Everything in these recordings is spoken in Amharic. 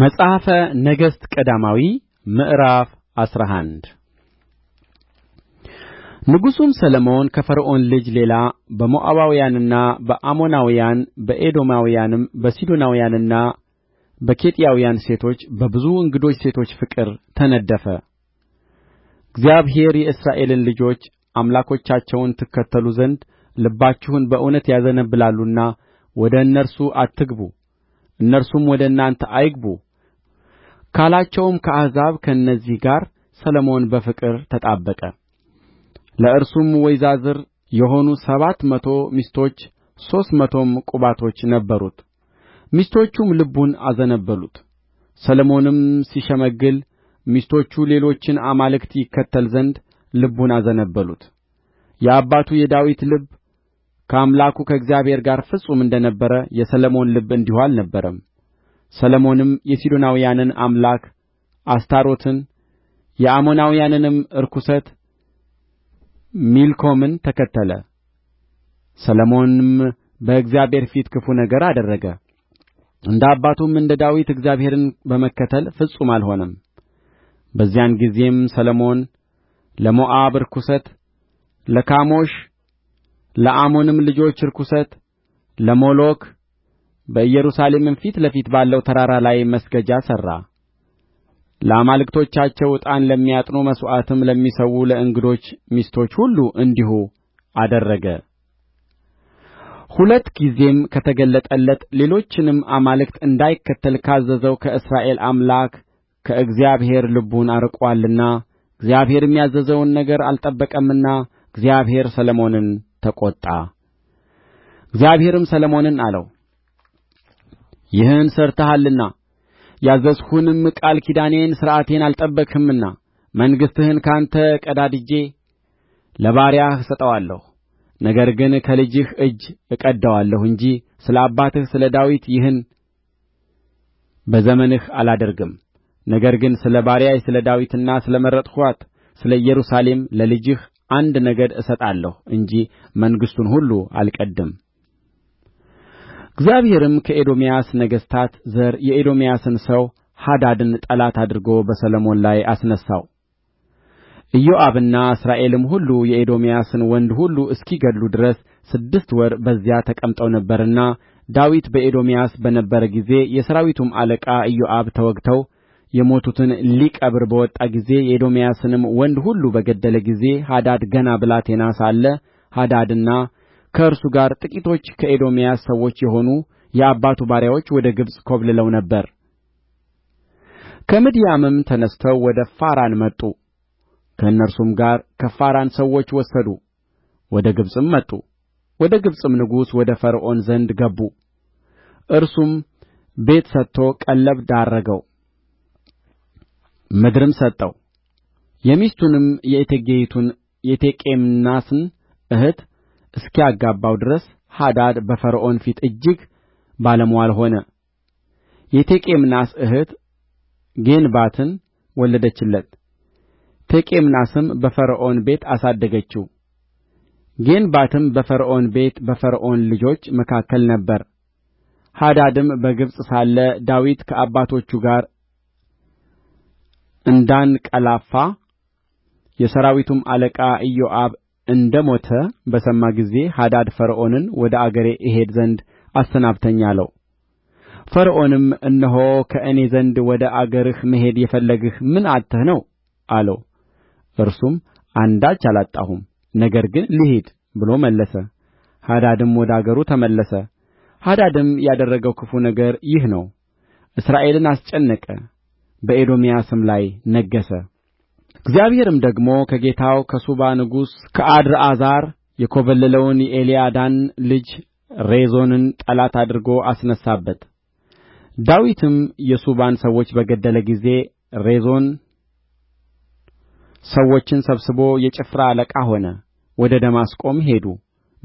መጽሐፈ ነገሥት ቀዳማዊ ምዕራፍ አስራ አንድ ንጉሡም ሰሎሞን ከፈርዖን ልጅ ሌላ በሞዓባውያንና በአሞናውያን በኤዶማውያንም በሲዶናውያንና በኬጢያውያን ሴቶች በብዙ እንግዶች ሴቶች ፍቅር ተነደፈ። እግዚአብሔር የእስራኤልን ልጆች አምላኮቻቸውን ትከተሉ ዘንድ ልባችሁን በእውነት ያዘነብላሉና ወደ እነርሱ አትግቡ እነርሱም ወደ እናንተ አይግቡ ካላቸውም ከአሕዛብ ከእነዚህ ጋር ሰሎሞን በፍቅር ተጣበቀ ለእርሱም ወይዛዝር የሆኑ ሰባት መቶ ሚስቶች ሦስት መቶም ቁባቶች ነበሩት ሚስቶቹም ልቡን አዘነበሉት ሰሎሞንም ሲሸመግል ሚስቶቹ ሌሎችን አማልክት ይከተል ዘንድ ልቡን አዘነበሉት የአባቱ የዳዊት ልብ ከአምላኩ ከእግዚአብሔር ጋር ፍጹም እንደ ነበረ የሰሎሞን ልብ እንዲሁ አልነበረም ሰሎሞንም የሲዶናውያንን አምላክ አስታሮትን የአሞናውያንንም ርኵሰት ሚልኮምን ተከተለ ሰሎሞንም በእግዚአብሔር ፊት ክፉ ነገር አደረገ እንደ አባቱም እንደ ዳዊት እግዚአብሔርን በመከተል ፍጹም አልሆነም በዚያን ጊዜም ሰሎሞን ለሞዓብ ርኵሰት ለካሞሽ ለአሞንም ልጆች ርኵሰት ለሞሎክ በኢየሩሳሌምም ፊት ለፊት ባለው ተራራ ላይ መስገጃ ሠራ ለአማልክቶቻቸው ዕጣን ለሚያጥኑ መሥዋዕትም ለሚሠዉ ለእንግዶች ሚስቶች ሁሉ እንዲሁ አደረገ ሁለት ጊዜም ከተገለጠለት ሌሎችንም አማልክት እንዳይከተል ካዘዘው ከእስራኤል አምላክ ከእግዚአብሔር ልቡን አርቆአልና እግዚአብሔርም ያዘዘውን ነገር አልጠበቀምና እግዚአብሔር ሰሎሞንን ተቈጣ እግዚአብሔርም ሰሎሞንን አለው ይህን ሠርተሃልና ያዘዝሁህንም ቃል ኪዳኔንና ሥርዓቴን አልጠበቅህምና መንግሥትህን ከአንተ ቀዳድጄ ለባሪያህ እሰጠዋለሁ ነገር ግን ከልጅህ እጅ እቀድደዋለሁ እንጂ ስለ አባትህ ስለ ዳዊት ይህን በዘመንህ አላደርግም ነገር ግን ስለ ባሪያዬ ስለ ዳዊትና ስለ መረጥኋት ስለ ኢየሩሳሌም ለልጅህ አንድ ነገድ እሰጣለሁ እንጂ መንግሥቱን ሁሉ አልቀድም እግዚአብሔርም ከኤዶምያስ ነገሥታት ዘር የኤዶምያስን ሰው ሃዳድን ጠላት አድርጎ በሰሎሞን ላይ አስነሣው ኢዮአብና እስራኤልም ሁሉ የኤዶምያስን ወንድ ሁሉ እስኪገድሉ ድረስ ስድስት ወር በዚያ ተቀምጠው ነበርና ዳዊት በኤዶምያስ በነበረ ጊዜ የሠራዊቱም አለቃ ኢዮአብ ተወግተው የሞቱትን ሊቀብር በወጣ ጊዜ የኤዶምያስንም ወንድ ሁሉ በገደለ ጊዜ ሃዳድ ገና ብላቴና ሳለ ሃዳድና ከእርሱ ጋር ጥቂቶች ከኤዶምያስ ሰዎች የሆኑ የአባቱ ባሪያዎች ወደ ግብጽ ኰብልለው ነበር ከምድያምም ተነሥተው ወደ ፋራን መጡ ከእነርሱም ጋር ከፋራን ሰዎች ወሰዱ ወደ ግብጽም መጡ ወደ ግብጽም ንጉሥ ወደ ፈርዖን ዘንድ ገቡ እርሱም ቤት ሰጥቶ ቀለብ ዳረገው ምድርም ሰጠው የሚስቱንም የእቴጌይቱን የቴቄምናስን እኅት እስኪያጋባው ድረስ ሃዳድ በፈርዖን ፊት እጅግ ባለምዋል ሆነ የቴቄምናስ እኅት ጌንባትን ወለደችለት ቴቄምናስም በፈርዖን ቤት አሳደገችው ጌንባትም በፈርዖን ቤት በፈርዖን ልጆች መካከል ነበረ ሃዳድም በግብፅ ሳለ ዳዊት ከአባቶቹ ጋር እንዳንቀላፋ የሠራዊቱም አለቃ ኢዮአብ እንደ ሞተ በሰማ ጊዜ ሃዳድ ፈርዖንን ወደ አገሬ እሄድ ዘንድ አሰናብተኝ አለው ፈርዖንም እነሆ ከእኔ ዘንድ ወደ አገርህ መሄድ የፈለግህ ምን አጥተህ ነው አለው እርሱም አንዳች አላጣሁም ነገር ግን ልሂድ ብሎ መለሰ ሃዳድም ወደ አገሩ ተመለሰ ሃዳድም ያደረገው ክፉ ነገር ይህ ነው እስራኤልን አስጨነቀ በኤዶምያስም ላይ ነገሠ እግዚአብሔርም ደግሞ ከጌታው ከሱባ ንጉሥ ከአድርአዛር የኰበለለውን የኤልያዳን ልጅ ሬዞንን ጠላት አድርጎ አስነሣበት ዳዊትም የሱባን ሰዎች በገደለ ጊዜ ሬዞን ሰዎችን ሰብስቦ የጭፍራ አለቃ ሆነ ወደ ደማስቆም ሄዱ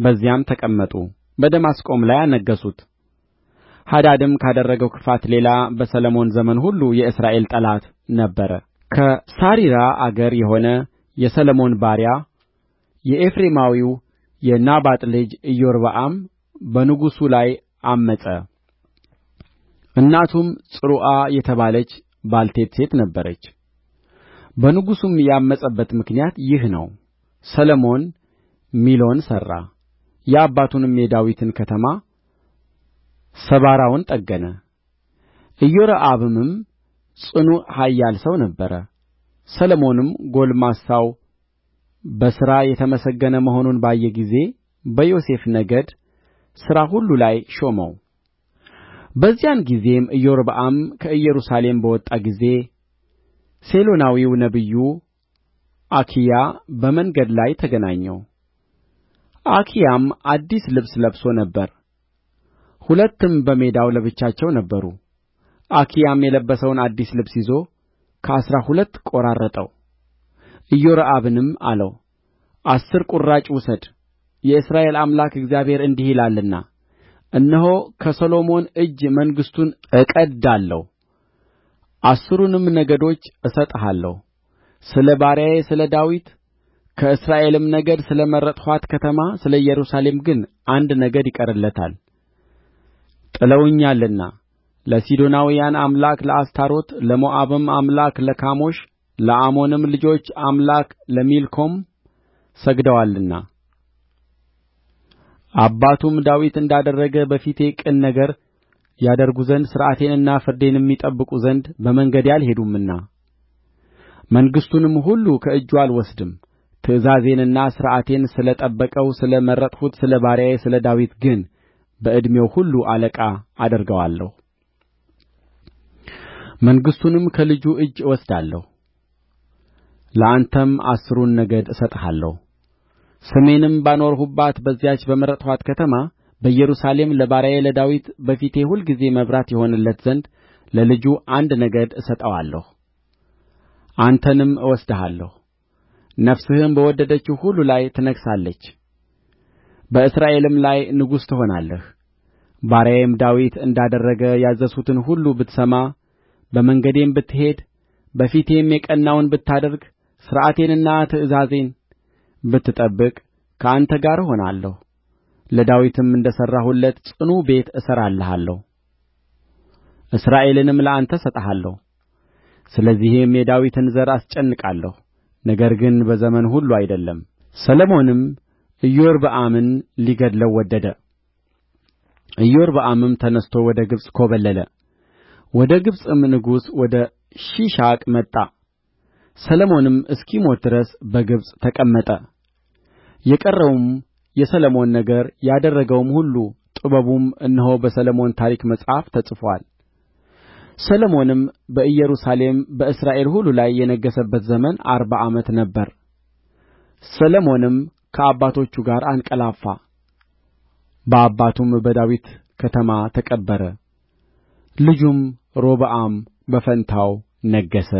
በዚያም ተቀመጡ በደማስቆም ላይ አነገሡት ሃዳድም ካደረገው ክፋት ሌላ በሰሎሞን ዘመን ሁሉ የእስራኤል ጠላት ነበረ ከሳሪራ አገር የሆነ የሰሎሞን ባሪያ የኤፍሬማዊው የናባጥ ልጅ ኢዮርብዓም በንጉሡ ላይ ዐመፀ እናቱም ጽሩዓ የተባለች ባልቴት ሴት ነበረች በንጉሡም ያመፀበት ምክንያት ይህ ነው ሰሎሞን ሚሎን ሠራ የአባቱንም የዳዊትን ከተማ ሰባራውን ጠገነ ኢዮርብዓምም ጽኑዕ ኃያል ሰው ነበረ ሰሎሞንም ጕልማሳው በሥራ የተመሰገነ መሆኑን ባየ ጊዜ በዮሴፍ ነገድ ሥራ ሁሉ ላይ ሾመው በዚያን ጊዜም ኢዮርብዓም ከኢየሩሳሌም በወጣ ጊዜ ሴሎናዊው ነቢዩ አኪያ በመንገድ ላይ ተገናኘው አኪያም አዲስ ልብስ ለብሶ ነበር ሁለትም በሜዳው ለብቻቸው ነበሩ አኪያም የለበሰውን አዲስ ልብስ ይዞ ከአሥራ ሁለት ቈራረጠው ኢዮርብዓምንም አለው አሥር ቍራጭ ውሰድ የእስራኤል አምላክ እግዚአብሔር እንዲህ ይላልና እነሆ ከሰሎሞን እጅ መንግሥቱን እቀድዳለሁ አሥሩንም ነገዶች እሰጥሃለሁ ስለ ባሪያዬ ስለ ዳዊት ከእስራኤልም ነገድ ስለ መረጥኋት ከተማ ስለ ኢየሩሳሌም ግን አንድ ነገድ ይቀርለታል ጥለውኛልና ለሲዶናውያን አምላክ ለአስታሮት ለሞዓብም አምላክ ለካሞሽ ለአሞንም ልጆች አምላክ ለሚልኮም ሰግደዋልና አባቱም ዳዊት እንዳደረገ በፊቴ ቅን ነገር ያደርጉ ዘንድ ሥርዓቴንና ፍርዴንም ይጠብቁ ዘንድ በመንገዴ አልሄዱምና መንግሥቱንም ሁሉ ከእጁ አልወስድም ትእዛዜንና ሥርዓቴን ስለ ጠበቀው ስለ መረጥሁት ስለ ባሪያዬ ስለ ዳዊት ግን በዕድሜው ሁሉ አለቃ አደርገዋለሁ መንግሥቱንም ከልጁ እጅ እወስዳለሁ ለአንተም አሥሩን ነገድ እሰጥሃለሁ ስሜንም ባኖርሁባት በዚያች በመረጥኋት ከተማ በኢየሩሳሌም ለባሪያዬ ለዳዊት በፊቴ ሁልጊዜ መብራት ይሆንለት ዘንድ ለልጁ አንድ ነገድ እሰጠዋለሁ አንተንም እወስድሃለሁ ነፍስህም በወደደችው ሁሉ ላይ ትነግሣለች በእስራኤልም ላይ ንጉሥ ትሆናለህ ባሪያዬም ዳዊት እንዳደረገ ያዘዝሁትን ሁሉ ብትሰማ በመንገዴም ብትሄድ በፊቴም የቀናውን ብታደርግ ሥርዓቴንና ትእዛዜን ብትጠብቅ ከአንተ ጋር እሆናለሁ ለዳዊትም እንደ ሠራሁለት ጽኑ ቤት እሠራልሃለሁ እስራኤልንም ለአንተ እሰጥሃለሁ ስለዚህም የዳዊትን ዘር አስጨንቃለሁ ነገር ግን በዘመን ሁሉ አይደለም ሰሎሞንም ኢዮርብዓምን ሊገድለው ወደደ ኢዮርብዓምም ተነሥቶ ወደ ግብጽ ኰበለለ ወደ ግብጽም ንጉሥ ወደ ሺሻቅ መጣ ሰሎሞንም እስኪሞት ድረስ በግብጽ ተቀመጠ የቀረውም የሰሎሞን ነገር ያደረገውም ሁሉ ጥበቡም እነሆ በሰሎሞን ታሪክ መጽሐፍ ተጽፎአል ሰሎሞንም በኢየሩሳሌም በእስራኤል ሁሉ ላይ የነገሠበት ዘመን አርባ ዓመት ነበረ ሰሎሞንም ከአባቶቹ ጋር አንቀላፋ በአባቱም በዳዊት ከተማ ተቀበረ ልጁም ሮብዓም በፋንታው ነገሠ